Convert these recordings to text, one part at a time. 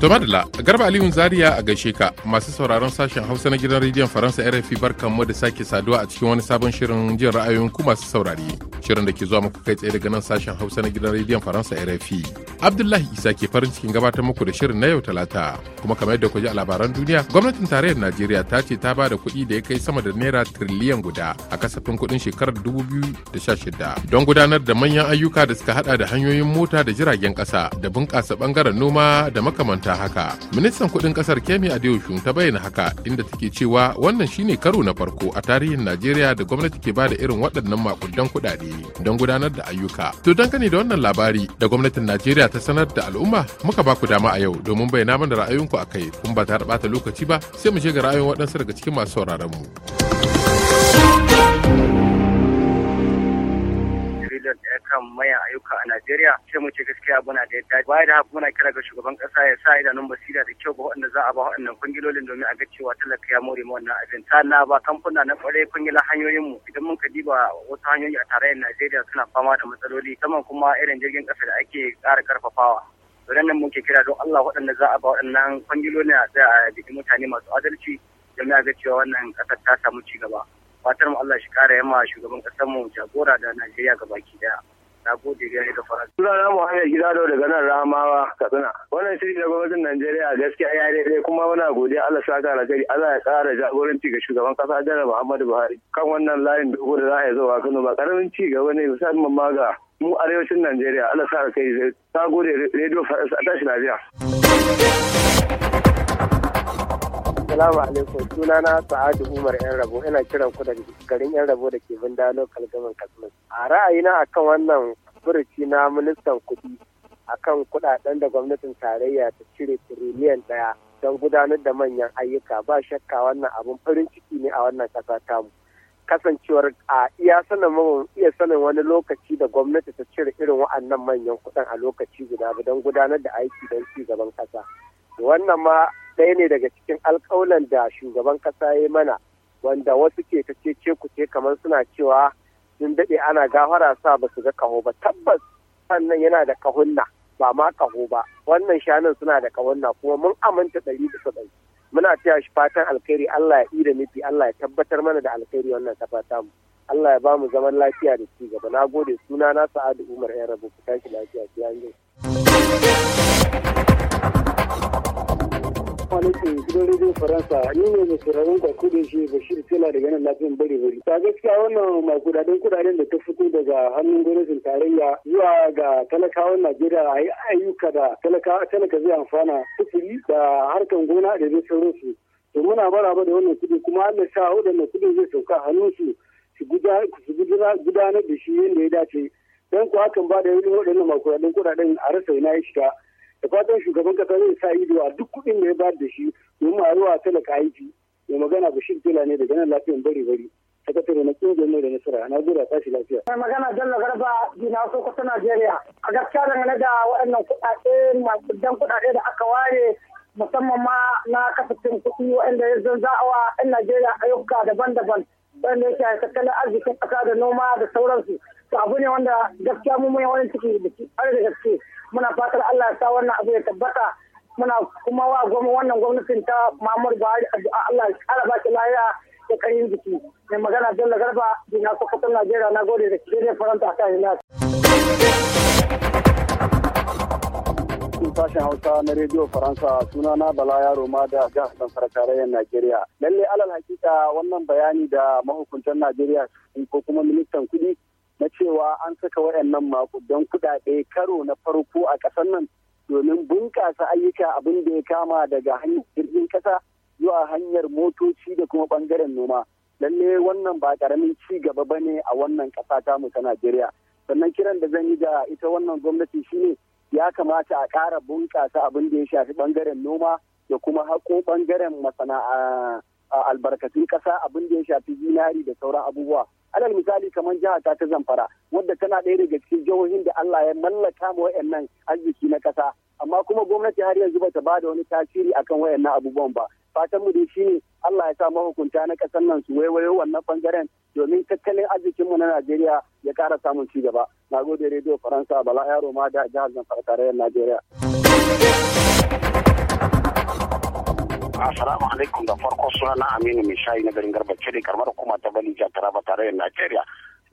Venham da la Garba Aliyu Zaria a gaishe ka masu sauraron sashen Hausa na gidan rediyon Faransa RFI mu da sake saduwa a cikin wani sabon shirin jin ra'ayoyin ku masu saurari. shirin da ke zuwa muku kai tsaye daga nan sashen hausa na gidan rediyon faransa rfi abdullahi isa ke farin cikin gabatar muku da shirin na yau talata kuma kamar yadda ku ji a labaran duniya gwamnatin tarayyar najeriya ta ce ta bada da kuɗi da ya kai sama da naira tiriliyan guda a kasafin kuɗin shekarar 2016 don gudanar da manyan ayyuka da suka hada da hanyoyin mota da jiragen kasa da bunƙasa bangaren noma da makamanta haka ministan kuɗin ƙasar kemi adeoshun ta bayyana haka inda take cewa wannan shine karo na farko a tarihin najeriya da gwamnati ke ba da irin waɗannan makudan kuɗaɗe don gudanar da ayyuka. To dangane da wannan labari da gwamnatin Najeriya ta sanar da al'umma muka baku dama a yau domin bayyana mana ra'ayinku a kai kun ba ta bata lokaci ba sai mu je ga ra'ayoyin waɗansu daga cikin masu sauraron mu. ya kan maya ayyuka a Najeriya sai mu ce gaskiya na da yadda baya da haka muna kira ga shugaban kasa ya sa idanun basira da kyau ga waɗanda za a ba waɗannan kungilolin domin a ga cewa talaka ya more mu wannan abin na ba kamfuna na kwarai kungilan hanyoyin mu idan mun ka diba wasu hanyoyi a tarayyar Najeriya suna fama da matsaloli saman kuma irin jirgin kasa da ake ƙara karfafawa nan muke kira don Allah waɗanda za a ba waɗannan kwangiloli a tsaya a mutane masu adalci don a ga cewa wannan ƙasar ta samu ci gaba. fatar mu Allah shi kara yamma shugaban kasar mu jagora da Najeriya baki daya na gode gare da faransa. Sunana gida da daga nan Rahamawa Katsina. Wannan shiri na gwamnatin Najeriya gaskiya ya daidai kuma muna godiya Allah sa ka alkhairi Allah ya kara jagoranci ga shugaban kasa Janar Muhammadu Buhari kan wannan layin dogo da za a yi zuwa Kano ba karamin ci gaba ne musamman ma ga mu arewacin Najeriya Allah sa yi ta gode Radio Faransa a tashi lafiya. Assalamu alaikum sunana Sa'adu Umar yan rabo ina kiran ku daga garin yan rabo da ke Binda local government Kasmas. A ra'ayina akan wannan furuci na ministan kuɗi akan kuɗaɗen da gwamnatin tarayya ta cire tiriliyan ɗaya don gudanar da manyan ayyuka ba shakka wannan abun farin ciki ne a wannan ƙasa tamu. Kasancewar a iya sanin mun iya sanin wani lokaci da gwamnati ta cire irin wa'annan manyan kuɗin a lokaci guda don gudanar da aiki don ci gaban ƙasa. wannan ma ɗaya ne daga cikin alƙawalan da shugaban ƙasa ya mana wanda wasu ke ta ce ku ce kamar suna cewa sun daɗe ana gafara sa ba su ga kaho ba tabbas sannan yana da kahunna ba ma kaho ba wannan shanun suna da kahunna kuma mun aminta ɗari bisa ɗari muna taya shi fatan alkhairi Allah ya yi da nufi Allah ya tabbatar mana da alkhairi wannan fata mu Allah ya ba mu zaman lafiya da ci gaba na gode suna na sa'adu Umar yan rabu ku tashi lafiya ya an kwanakin gidan rediyon Faransa ni ne mai sauraron ka kudin shi shi Tela daga nan lafiyan bari bari. Ta gaskiya wannan ma kudaden kudaden da ta fito daga hannun gwamnatin tarayya zuwa ga talakawan Najeriya a yi ayyuka da talaka zai amfana sufuri da harkan gona da zai sauransu. To muna maraba da wannan kudi kuma Allah sa wadannan kudin zai sauka hannunsu su gudanar da shi yadda ya dace. Don ku hakan ba da irin waɗannan makudaden kudaden a rasa ina ya shiga. da fatan shugaban kasa zai sa ido a duk kuɗin da ya bayar da shi domin a yi talaka aiki da magana bashir tela ne daga nan lafiyan bari bari sakatare na kungiyar mai da nasara na gura tashi lafiya. mai magana dalla garba dina sokoto najeriya a gaskiya dangane da waɗannan kuɗaɗe masu dan kuɗaɗe da aka ware musamman ma na kasafin kuɗi waɗanda ya wa 'yan najeriya ayyuka daban-daban waɗanda ya tattalin arzikin ƙasa da noma da sauransu to abu ne wanda gaskiya mu mun wani ciki da shi da gaske muna fatar Allah ya sa wannan abu ya tabbata muna kuma wa gwamnati wannan gwamnatin ta Muhammadu Buhari addu'a Allah ya kara ba ki lafiya da karin jiki mai magana Bello Garba dina Sokoto Najeriya na gode da ke kire faranta ta ina sashen hausa na rediyo faransa suna na bala yaro ma da jihar zamfara tarayyar najeriya lalle alal hakika wannan bayani da mahukuntan najeriya ko kuma ministan kudi na cewa an saka waɗannan makudan kuɗaɗe karo na farko a ƙasar nan domin bunƙasa ayyuka abin da ya kama daga hanyar jirgin ƙasa zuwa hanyar motoci da kuma ɓangaren noma lalle wannan ba ƙaramin ci gaba ba ne a wannan ƙasa ta mu ta najeriya sannan kiran da zan yi da ita wannan gwamnati shine ya kamata a ƙara bunƙasa abin da ya shafi ɓangaren noma da kuma haƙo ɓangaren masana'a albarkatun ƙasa abin da ya shafi zinari da sauran abubuwa alal misali kamar jihar ta ta zamfara wadda tana ɗaya daga cikin jihohin da Allah ya mallaka ma wayannan arziki na ƙasa amma kuma gwamnati har yanzu bata ba da wani tasiri akan wayannan abubuwan ba fatan mu dai shine Allah ya sa mahukunta na ƙasar nan su waiwayo wannan bangaren domin tattalin arzikin mu na Najeriya ya ƙara samun ci gaba. Na gode rediyo Faransa Bala Yaro ma da jihar Zamfara tarayyar Najeriya. Assalamu alaikum da farko suna na Aminu mai shayi na garin garbace da karmar kuma ta Bali jihar Taraba tarayyar Najeriya.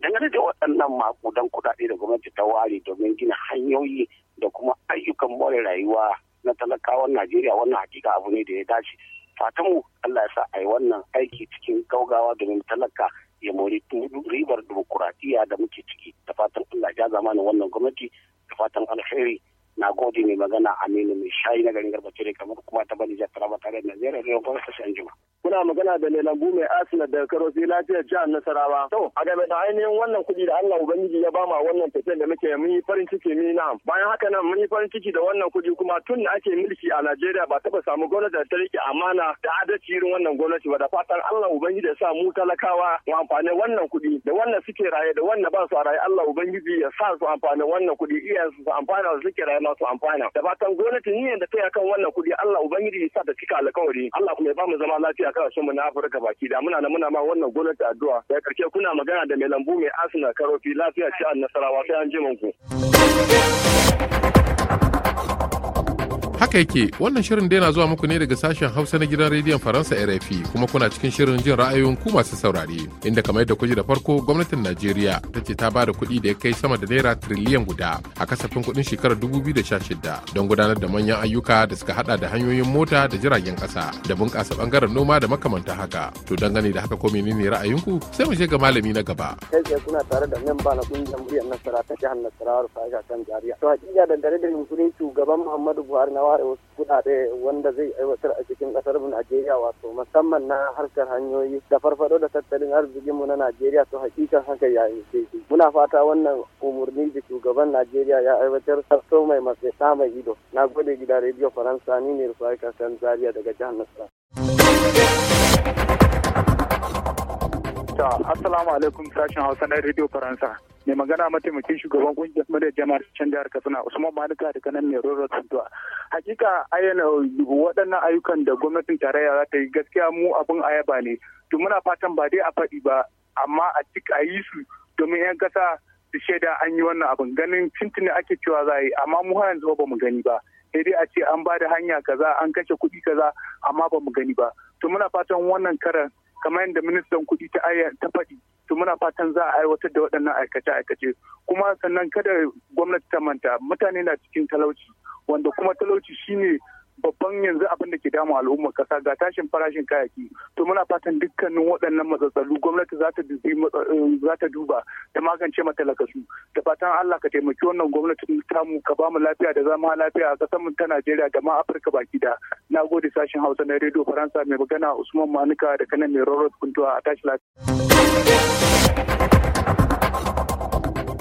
Dangane da waɗannan makudan kuɗaɗe da gwamnati ta ware domin gina hanyoyi da kuma ayyukan more rayuwa na talakawan Najeriya wannan hakika abu ne da ya dace. Fatanmu Allah ya sa a yi wannan aiki cikin gaugawa domin talaka ya mori ribar dimokuraɗiyya da muke ciki. Da fatan Allah ya zamanin wannan gwamnati da fatan alheri. na gode mai magana aminu mai shayi na garin garba da kamar kuma ta bani jihar taraba tare da najeriya da yankon sassi jima. kuna magana da lelambu mai asina da sai lafiyar jihar nasarawa to a game da ainihin wannan kuɗi da allah ubangiji ya bama wannan tafiyar da muke mun yi farin ciki ni na bayan haka nan mun yi farin ciki da wannan kuɗi kuma tun da ake mulki a najeriya ba taɓa samu gwamnati da ta rike amana da adalci irin wannan gwamnati ba da fatan allah ubangiji ya sa mu talakawa mu amfani wannan kuɗi da wannan suke raye da wannan ba su a raye allah ubangiji ya sa su amfani wannan kuɗi iyayen su amfana su suke raye ma su amfana da fatan gwamnati ni da ta yi akan wannan kuɗi Allah ubangiji ya sa ta cika alƙawari Allah kuma ya ba mu zama lafiya kasashen mu na Afirka baki da muna na muna ma wannan gwamnati addu'a da karshe kuna magana da mai lambu mai asina karofi lafiya ci an nasarawa sai an ji ku. Haka yake wannan shirin da yana zuwa muku ne daga sashen Hausa na gidan rediyon Faransa RFI kuma kuna cikin shirin jin ra'ayoyin ku masu saurare inda kamar yadda kuji da farko gwamnatin Najeriya ta ce ta bada kuɗi da ya kai sama da naira tiriliyan guda a kasafin kuɗin shekarar 2016 don gudanar da manyan ayyuka da suka hada da hanyoyin mota da jiragen ƙasa da bunƙasa bangaren noma da makamanta haka. To dangane da haka ko menene ra'ayinku sai mu je ga malami na gaba. Kai sai kuna tare da memba na kungiyar muryar nasara ta jihar Nasarawa Rufa'a kan jariya. To hakika dare da yunkurin shugaban Muhammadu Buhari na ware wasu kuɗaɗe wanda zai aiwatar a cikin kasar mu Najeriya wato musamman na harkar hanyoyi da farfado da tattalin arzikin mu na Najeriya to hakikan haka ya yi muna fata wannan umurni da shugaban Najeriya ya aiwatar sarto mai matsayi mai ido na gode gida rediyo Faransa ni ne Rufai Kasan Zaria daga jihar Nasarawa Assalamu alaikum sashen Hausa na Radio Faransa. mai magana mataimakin shugaban kungiyar madar jama'ar can jihar katsina usman malika daga nan ne rorar tuntuwa hakika ayyana waɗannan ayyukan da gwamnatin tarayya za ta yi gaskiya mu abin ayaba ne to muna fatan ba dai a faɗi ba amma a cik a yi su domin 'yan ƙasa su shaida an yi wannan abin ganin cintini ake cewa za a yi amma mu har yanzu ba mu gani ba sai dai a ce an ba da hanya kaza an kashe kuɗi kaza amma ba mu gani ba to muna fatan wannan karan kamar yadda ministan kuɗi ta ta faɗi to muna fatan za a aiwatar da waɗannan aikace-aikace kuma sannan kada gwamnati ta manta mutane na cikin talauci wanda kuma talauci shine babban yanzu abin da ke damu al'ummar kasa ga tashin farashin kayaki to muna fatan dukkanin waɗannan matsatsalu gwamnati za ta eh, za ta duba da magance matalaka su da fatan Allah ka taimaki wannan gwamnati ta mu ka ba mu lafiya da zama lafiya a kasar mu ta Najeriya da ma Afirka baki da nagode sashin Hausa na Radio Faransa mai magana Usman Manuka da kanan mai Rorot Kuntuwa a tashi lafiya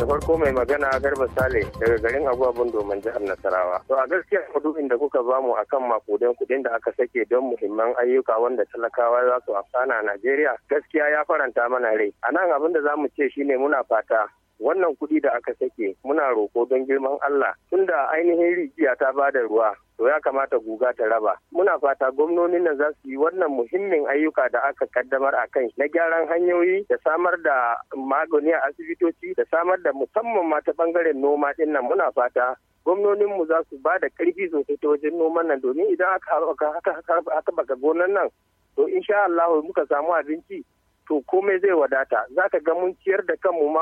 da farko mai magana garba sale daga garin agwabun domin jihar nasarawa to a gaskiya maudu'in da kuka bamu akan makudan kuɗin da aka sake don muhimman ayyuka wanda talakawa za su amfana a najeriya gaskiya ya faranta mana rai a nan abin da za mu ce shine muna fata wannan kuɗi da aka sake muna roko don girman Allah tunda ainihin rijiya ta ba da ruwa to ya kamata guga ta raba muna fata gwamnonin nan za su yi wannan muhimmin ayyuka da aka kaddamar a kai na gyaran hanyoyi da samar da magani a asibitoci da samar da musamman ma ta bangaren noma din nan muna fata mu za su ba da karfi sosai ta wajen noman nan domin idan aka baka gonan nan to insha Allah muka samu abinci to komai zai wadata za ka ga mun ciyar da kanmu ma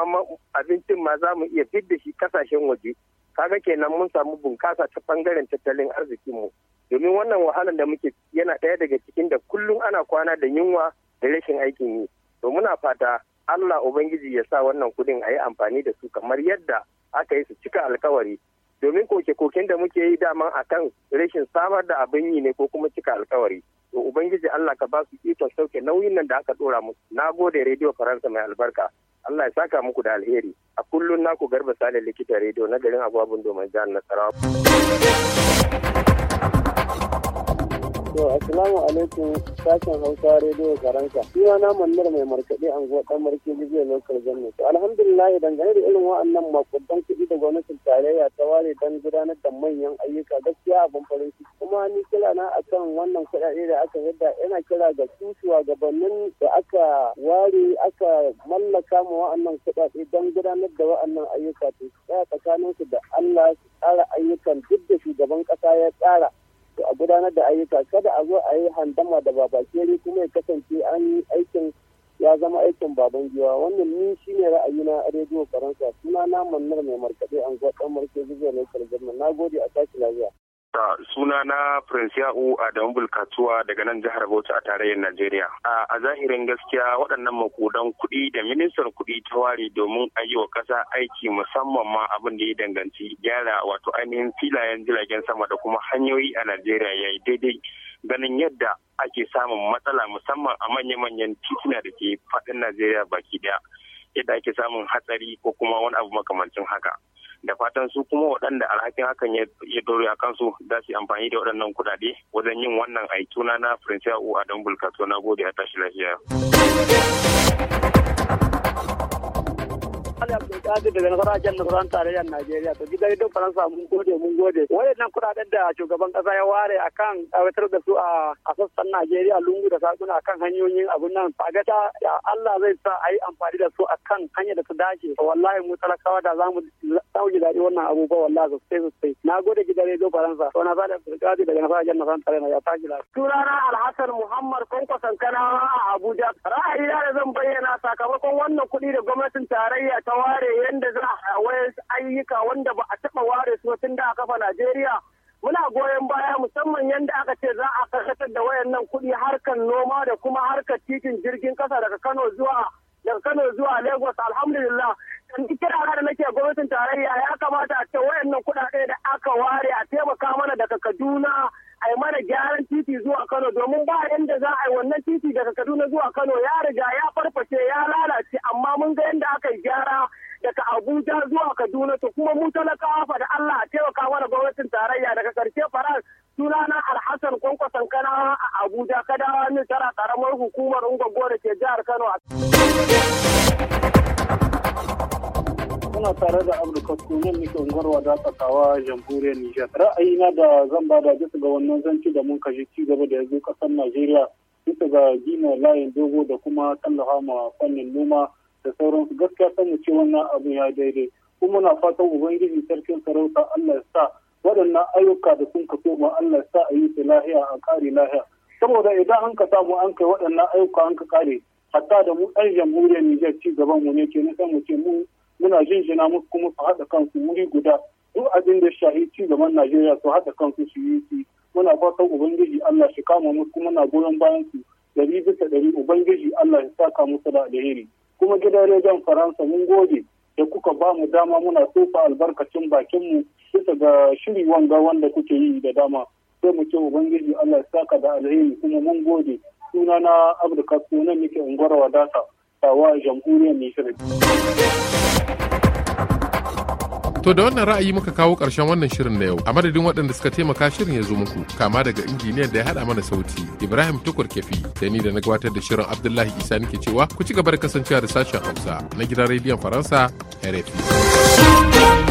abincin ma za mu iya fidda shi kasashen waje kaga kenan mun samu bunkasa ta bangaren tattalin arzikinmu domin wannan wahalar da muke yana ɗaya daga cikin da kullum ana kwana da yunwa da rashin aikin yi to muna fata Allah ubangiji ya sa wannan kudin a yi amfani da su kamar yadda aka yi su cika alkawari domin koke-koken da muke yi daman akan rashin samar da abin yi ne ko kuma cika alkawari to ubangiji Allah ka ba su ikon sauke nauyin nan da aka dora musu na gode rediyo faransa mai albarka Allah ya saka muku da alheri a kullun naku garba sale likita rediyo na garin agwabun domin jihar nasarawa To, Assalamu alaikum sashen Hausa rediyo Faransa. Suna na mannar mai markaɗe an zuwa ɗan marke Libya Lokal Government. To, alhamdulillah dangane da irin wa'annan makudan kuɗi da gwamnatin tarayya ta ware don gudanar da manyan ayyuka gaskiya a bambarin ciki. Kuma ni kira na a kan wannan kuɗaɗe da aka yadda yana kira ga su shugabannin da aka ware aka mallaka ma wa'annan kuɗaɗe don gudanar da wa'annan ayyuka to su tsaya tsakaninsu da Allah su tsara ayyukan duk da shugaban ƙasa ya tsara. wato a gudanar da ayyuka kada a zo a yi handama da bakeri kuma ya kasance an yi aikin ya zama aikin baban giwa wannan ni shi ne ra'ayi na rediyo faransa suna na mannar mai markaɗe an zaɓen marke zuwa na sarjama na gode a sashi lafiya Ta ah, suna na Prince Adamu Bulkatuwa daga nan jihar Bauchi a tarayyar Najeriya. Ah, a zahirin gaskiya waɗannan makudan kuɗi da ministan kuɗi ta ware domin a yi wa ƙasa aiki musamman ma abin da ya danganci gyara wato ainihin filayen jiragen sama da kuma hanyoyi a Najeriya ya yi daidai ganin yadda ake samun matsala musamman a manya-manyan tituna da ke faɗin Najeriya baki ɗaya. Yadda ake samun hatsari ko kuma wani abu makamancin haka. da fatan su kuma waɗanda alhakin hakan ya dori a kansu za su yi amfani da waɗannan kuɗaɗe wajen yin wannan aiki na na prince ya'u a dambul kaso na gode a tashi lafiya. Alhaji Abdulkadir daga nasarar jan tarayyar Najeriya to gidan Faransa mun gode mun gode. Waɗannan kuɗaɗen da shugaban ƙasa ya ware akan aiwatar da su a sassan Najeriya lungu da sakuna akan hanyoyin abun nan Allah zai sa a yi amfani da su akan hanyar da ta dace. Wallahi mu talakawa da za mu ji daɗi wannan abubuwa wallahi sosai sosai. Na gode gidan rediyo Faransa. To na daga jan tarayyar Alhassan Muhammad Kwankwasan Kanawa a Abuja. Ra'ayina da zan bayyana sakamakon wannan kuɗi da gwamnatin tarayya ta ware yadda za a wayan ayyuka wanda ba a taɓa ware su tun da kafa Najeriya muna goyon baya musamman yadda aka ce za a karkatar da wayannan kuɗi harkar noma da kuma harkar titin jirgin ƙasa daga Kano zuwa daga Kano zuwa Lagos alhamdulillah kan kira ga da nake gwamnatin tarayya ya kamata a ce wayannan kuɗaɗe da aka ware a taimaka mana daga Kaduna a yi mana gyaran titi zuwa Kano domin ba yadda za a yi wannan titi daga Kaduna zuwa Kano ya riga ya farfashe ya lalace amma mun ga yadda aka gyara daga Abuja zuwa Kaduna to kuma mu talakawa fa da Allah a taimaka mana gwamnatin tarayya daga karshe faran sunana Alhassan Kwankwason kana a Abuja kada wani tara karamar hukumar Ungwaggo da ke jihar Kano. a Muna tare da Amurka Kunin Miki Ungwarwa da Tsakawa Jamhuriyar Nijar. Ra'ayina da zan bada bisa ga wannan zanci da mun kashe ci gaba da yanzu kasar Najeriya bisa ga gina layin dogo da kuma tallafa ma fannin noma da sauransu gaskiya sanya ce wannan abu ya daidai kuma muna fatan ubangiji sarkin sarauta Allah ya sa waɗannan ayyuka da sun ka ma Allah ya sa a yi su lahiya a ƙari lahiya saboda idan an ka samu an kai waɗannan ayyuka an ka ƙare hatta da mu ɗan jamhuriyar Nijar ci gaban mu ne ke nisan mu ce mu muna jinjina musu kuma su haɗa kansu wuri guda duk abin da shahi ci gaban Najeriya su haɗa kansu su yi su muna fatan ubangiji Allah shi kama musu kuma na goyon bayan su dari bisa dari ubangiji Allah ya saka musu da alheri. kuma gidan rediyon faransa mun gode da kuka ba mu dama muna tofa albarkacin bakinmu bisa ga shiri wanga wanda kuke yi da dama sai mu ce ubangiji allah ya saka da alheri kuma mun gode sunana abdulkasu nan nake ungwara wadata tawa jamhuriyar nijar To da wannan ra'ayi muka kawo ƙarshen wannan shirin na yau. A madadin waɗanda suka taimaka shirin ya zo muku, kama daga injiniyan da ya haɗa mana sauti, Ibrahim Tukur Kefi, da ni da na gabatar da shirin Abdullahi Isa nake cewa ku ci gaba da kasancewa da sashen Hausa na gidan rediyon Faransa, RFI.